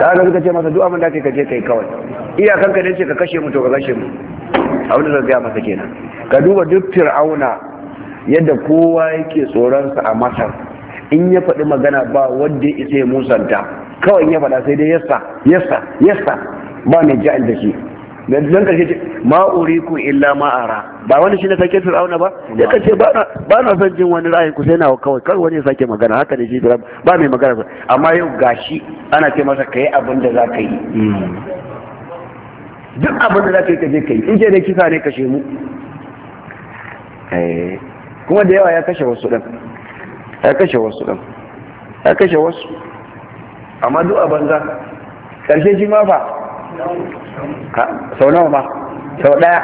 da aka suka ce masa duk abin da ka kaje kai kawai iyakan ka dace ka kashe mu to ka kashe mu abin da zai masa kenan ka duba duk fir'auna yadda kowa yake tsoron sa a masar in ya faɗi magana ba wanda ya isa ya musanta kawai ya faɗa sai dai yassa yassa yassa ba mai ja'il da shi don karshe ce ma uriku illa ma ara ba wani shi ne sake fir'auna ba ya kace ba na ba na son jin wani ra'ayi ku sai nawa kawai kar wani ya sake magana haka ne shi ba mai magana amma yau gashi ana ce masa kai abin da za ka yi hmm. duk abin da za ka yi ka je yi in je ne kisa ne kashe mu eh. kuma da yawa ya kashe wasu ɗan ya kashe wasu din ya kashe wasu amma duk a banza ƙarshe shi ma fa sau nawa ma sau ɗaya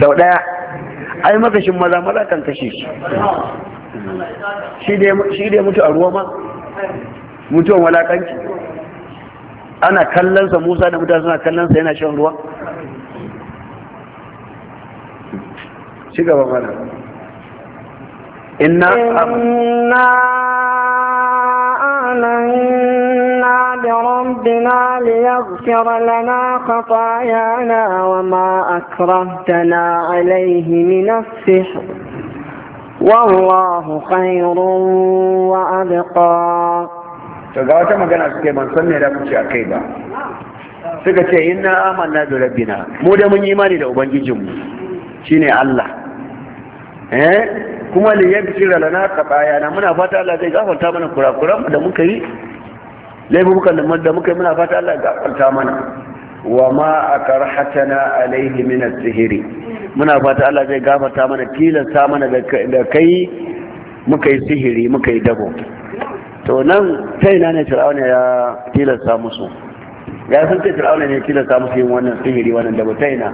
sau ɗaya ai makashin maza maza kan kashe shi shi dai mutu a ruwa ma mutuwan walakanki ana kallonsa musa da mutane suna kallonsa yana shan ruwa Shi gaba mana inna inna ربنا ليغفر لنا خطايانا وما أكرهتنا عليه من السحر والله خير وأبقى فقالت ما قالت كيف نسمي لكم شيء كيبا suka ce inna amanna da rabbina mu da mun yi imani da ubangijinmu shi ne Allah eh kuma liyar li yaghfira lana yana muna fata Allah zai gafarta mana kura kurakuran da muka yi laifukan da muka yi muna fata Allah ya kwanta mana wa ma akarhatana alaihi min as-sihri muna fata Allah zai gafarta mana tilasta mana da kai muka yi sihiri muka yi dabo to nan ta na ne fir'auna ya tilasta musu ya san ce fir'auna ne tilasta musu yin wannan sihiri wannan dabo ta na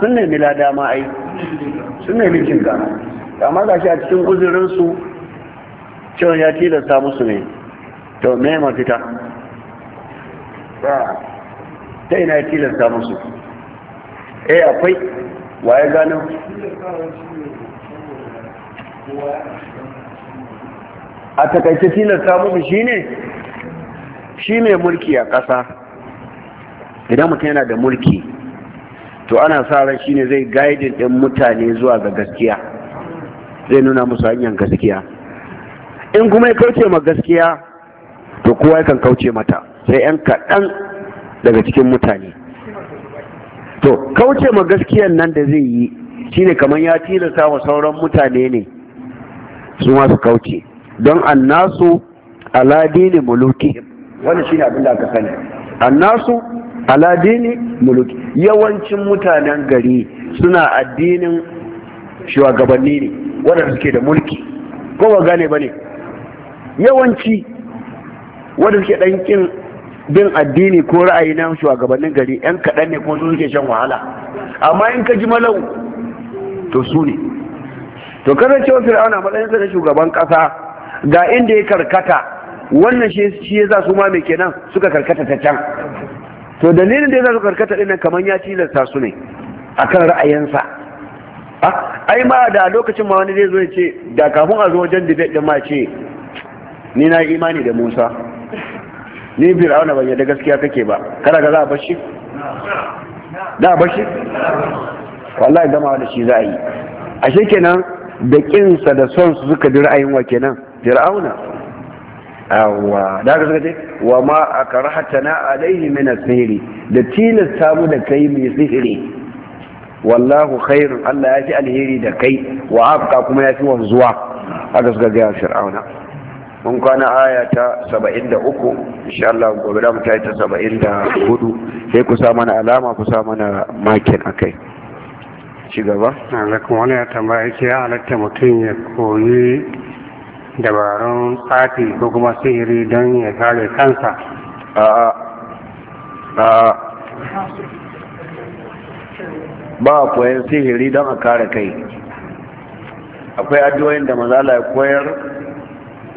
sun ne lada ma ai sun nemi jinka amma ga shi a cikin uzurinsu cewa ya tilasta musu ne to me mafita ta ina ya tilasta musu eh akwai wa ya gano a takaice tilasta musu ne? shi mai mulki a ƙasa idan mutum yana da mulki to ana sa ran shi ne zai gaidin ɗin mutane zuwa ga gaskiya zai nuna musu hanyar gaskiya in kuma ya kauce ma gaskiya to kowa ya kan kauce mata sai 'yan kaɗan daga cikin mutane to kauce ma gaskiyan nan da zai yi shine kamar ya tilasta wa sauran mutane ne su masu kauce don annasu Aladini, dini muluki shi shine abin da aka sani annasu Aladini, muluki yawancin mutanen gari suna addinin shugabanni ne waɗanda suke da mulki ko ba gane ba ne yawanci wanda suke ɗan kin bin addini ko ra'ayi na shugabannin gari yan kaɗan ne kuma su suke shan wahala amma in ka ji malau to su ne to kasancewa fir'auna matsayinsa na shugaban ƙasa ga inda ya karkata wannan shi ya za su ma mai kenan suka karkata ta can to dalilin da ya za su karkata ɗin nan kamar ya tilasta su ne a kan ra'ayinsa ah, ai ma da lokacin ma wani zai zo ya ce da kafin a zo wajen debate ɗin ma ce ni na imani da Musa ni fir'auna ban yadda gaskiya kake ba kada ga za a bashi da bashi wallahi gama da shi za a yi ashe kenan da kinsa da son su suka ji ra'ayin wa kenan fir'auna awwa da ka suka ce wa ma akrahatana alaihi min asiri da tilasta mu da kai mai sihiri wallahu khairun Allah ya fi alheri da kai wa afka kuma ya fi wanzuwa haka suka ga fir'auna mun kwana aya ta 73 insha Allah gobe da mu ta da 74 sai ku sa mana alama ku sa mana makin akai ci gaba alaikum wani ya tambaya yake ya halatta mutum ya koyi dabarun tsafi ko kuma sihiri don ya kare kansa a a ba a koyan sihiri don a kare kai akwai addu'o'in da mazala ya koyar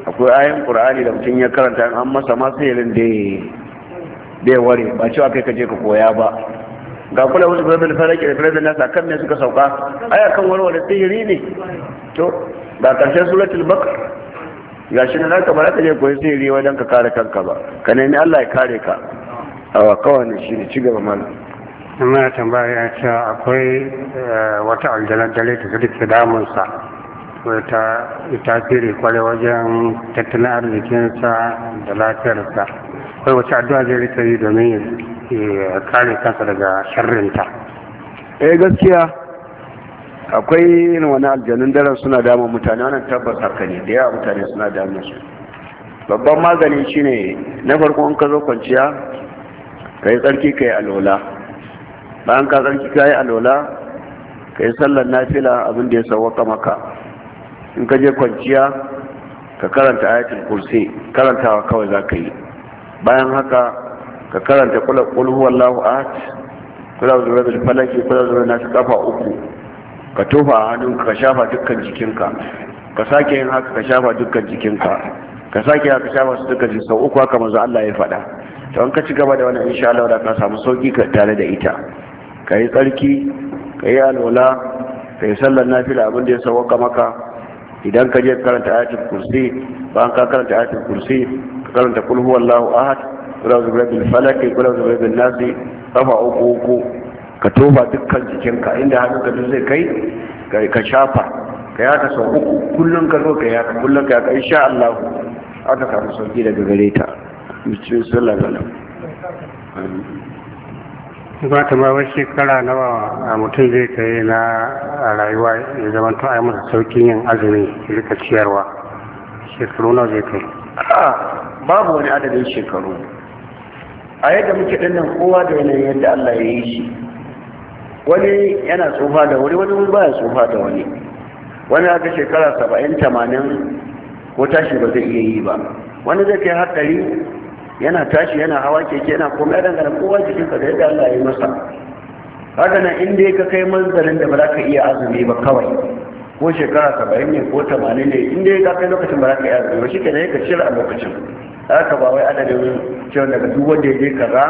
akwai ayin qur'ani da mutum ya karanta an masa ma sai yarin da bai ware ba cewa kai ka je ka koya ba ga kula wasu babin faraki da firabin nasa kan ne suka sauka aya kan warware tsiri ne to ga karshen suratul baka, ga shi na ka ba za ka je koyi sihiri wajen ka kare kanka ba ka nemi allah ya kare ka awa kawai ne shi ne ci gaba mana amma tambaya ya ce akwai eh, wata aljanar dare da ta damunsa ta tasiri kwarai wajen tattalin arzikinsa da lafiyarsa kai wace addu'a zai rika yi domin ya kare kansa daga sharrinta eh gaskiya akwai irin wani aljanun daren suna damun mutane wannan tabbas haka ne da yawa mutane suna damun su babban magani shine na farko in ka zo kwanciya ka yi tsarki ka yi alola bayan ka tsarki ka yi alola ka yi sallar nafila abin da ya sauwaka maka in ka je kwanciya ka karanta ayatul kursi karantawa kawai za ka yi bayan haka ka karanta kul huwallahu ahad kula da birabbil falaki kula da na kafa uku ka tofa a hannunka ka shafa dukkan jikinka ka sake yin haka ka shafa dukkan jikinka ka sake haka ka shafa su dukkan jikinka uku haka manzo Allah ya faɗa to an ka ci gaba da wannan insha Allah da ka samu sauki ka tare da ita ka yi tsarki ka yi alwala ka yi sallar nafila abin da ya sauka maka idan ka je karanta ayatul kursi bayan ka karanta ayatul kursi ka karanta kul huwallahu ahad kula zu rabbil Falaki, kula zu rabbil Nasi, kafa uku uku ka tofa dukkan jikinka inda hannunka ka zai kai ka shafa ka yaka sau uku kullum ka zo ka yaka kullum ka yaka insha Allah aka samu sauki daga gare ta wasallam ba ta ma wasu shekara nawa a mutum zai kai na rayuwa ya zama ta a masa saukin yin azumi rika ciyarwa shekaru nawa zai kai babu wani adadin shekaru a yadda muke dinnan kowa da yanayin yadda Allah ya yi shi wani yana tsufa da wani wani ba ya tsufa da wani wani aka shekara saba'in tamanin ko tashi ba zai iya yi ba wani zai kai haɗari yana tashi yana hawa keke yana komai yadda dangana kowa cikin ka da yadda Allah ya yi masa haka nan in dai ka kai manzalin da ba za ka iya azumi ba kawai ko shekara saba'in ne ko tamanin ne in dai ka kai lokacin ba za ka iya azumi ba shi ke ne ka cire a lokacin haka ba wai adadin cewa daga duk wanda ya je kaza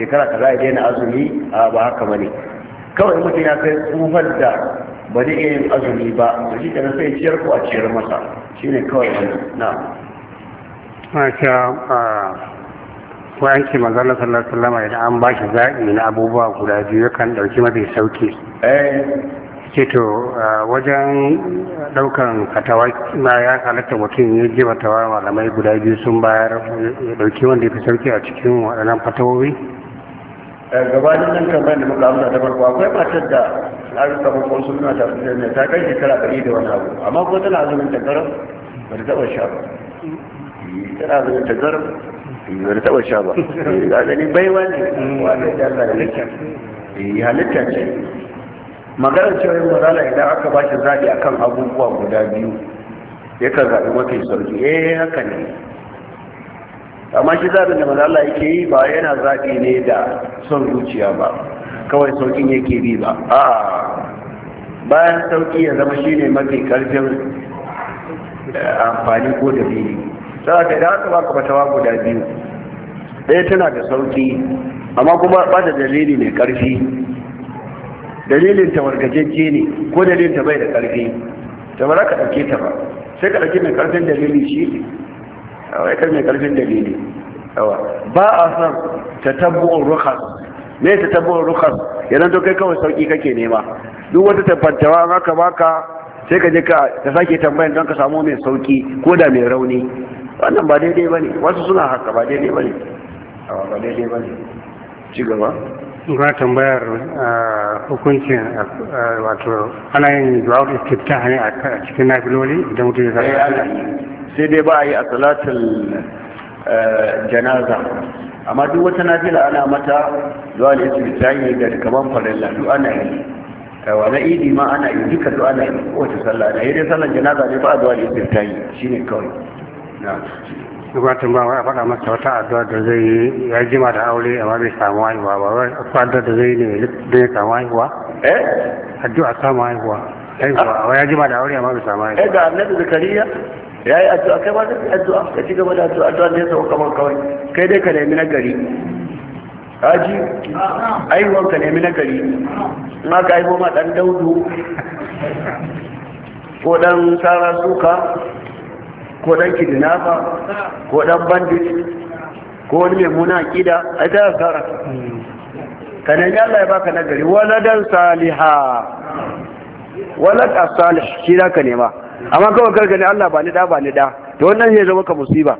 shekara kaza ya daina azumi a ba haka ba ne, kawai mutum ya kai tsufar da ba zai iya yin azumi ba da shi kenan sai ciyar ko a ciyar masa shine kawai wannan na ko an ce manzo Allah sallallahu alaihi wasallam idan an ba shi zaɓi na abubuwa guda biyu yakan ɗauki mafi sauki ce eh. to wajen ɗaukan fatawa na ya halatta mutum ya ji fatawa malamai guda biyu sun bayar ya ɗauki wanda ya fi sauki a cikin waɗannan fatawowi eh, gabanin nan bayan da muka amsa ta farko akwai matar da kamar rufe sun suna ta ne ta kai shekara ɗari da wani abu amma ko tana azumin tagarar ba ta taɓa sha ba tana azumin tagarar wani taɓa sha ba a gani baiwa ne wani da littafi. Ya eh halitta ce magana cewa mazala idan aka ba shi zaɓi akan abubuwa guda biyu yakan zaɓi mafi sauki eh haka ne amma shi zaɓin da mazala yake yi ba yana zaɓi ne da son zuciya ba kawai sauƙin yake bi ba a bayan sauƙi ya zama shine mafi ƙarfin eh, amfani ko biyu sai ka da aka baka fatawa guda biyu ɗaya tana da sauki amma kuma ba da dalili mai ƙarfi dalilin ta wargajejje ne ko dalilin ta bai da ƙarfi ta ba za ka ɗauke ta ba sai ka ɗauke mai ƙarfin dalili shi ne a wai mai ƙarfin dalili ba a son ta tabbuwar rukas me ta tabbuwar rukas yanzu to kai kawai sauki kake nema duk wata tabbantawa maka baka sai ka je ka sake tambayan don ka samu mai sauki ko da mai rauni wannan ba daidai ba ne wasu suna haka ba daidai ba ne ba daidai ba ne ci gaba ga tambayar ah, hukuncin ah, wato ana yin duwawar iskita ne a cikin nafiloli idan mutum ya ala eh, sai dai ba a yi a salatin eh, janaza amma duk wata nafila ana mata zuwa da yasu ta yi da kaman farilla duk ana yi wa na idi ma ana yi duka duk ana yi wata sallah da yi dai sallan janaza ne ba a zuwa da yasu ta yi shine kawai gabatan ba wai a faɗa masa wata addu'a da zai yi ya jima da aure amma bai samu haihuwa ba wai addu'a da zai yi ne don ya samu haihuwa eh addu'a samu haihuwa haihuwa wai ya jima da aure amma bai samu haihuwa eh ga annabi zakariya ya yi addu'a kai ma zai addu'a ka ci gaba da addu'a addu'a ne sau kamar kawai kai dai ka nemi nagari gari haji aiwon ka nemi nagari ma ka aiwo ma dan daudu ko dan sara suka ko dan kidnapper ko dan bandit ko wani mai muna kida a ta tsara ka nemi Allah ya baka nagari waladan saliha walad as-salih shi da ka nema amma kawai karka ne Allah ba ni da ba ni da to wannan zai zama ka musiba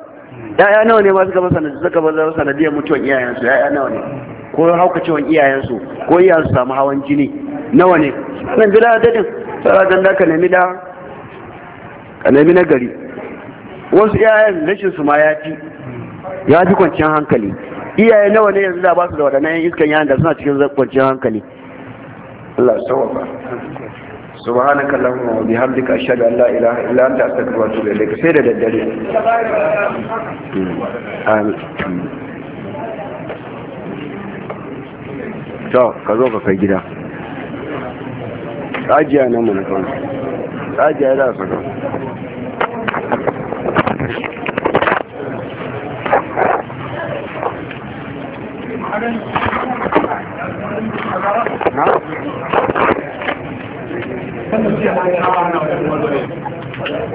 ya'ya nawa ne ma suka ba sanadi suka ba sanadiyar mutuwan iyayensu ya'ya nawa ne ko haukacewan iyayensu ko su samu hawan jini nawa ne nan bila din sai dan da ka nemi da ka nemi nagari wasu iyayen rashin su ma ya fi ya fi kwanciyar hankali iyaye nawa ne yanzu da ba su da waɗannan yan iskan yaran da suna cikin kwanciyar hankali Allah sawaba subhanaka allahumma wa bihamdika ashhadu an la ilaha illa anta astaghfiruka wa atubu ilayk sai da daddare amin to ka zo ka kai gida ajiya nan mu na kan ajiya da sakamako.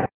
نعم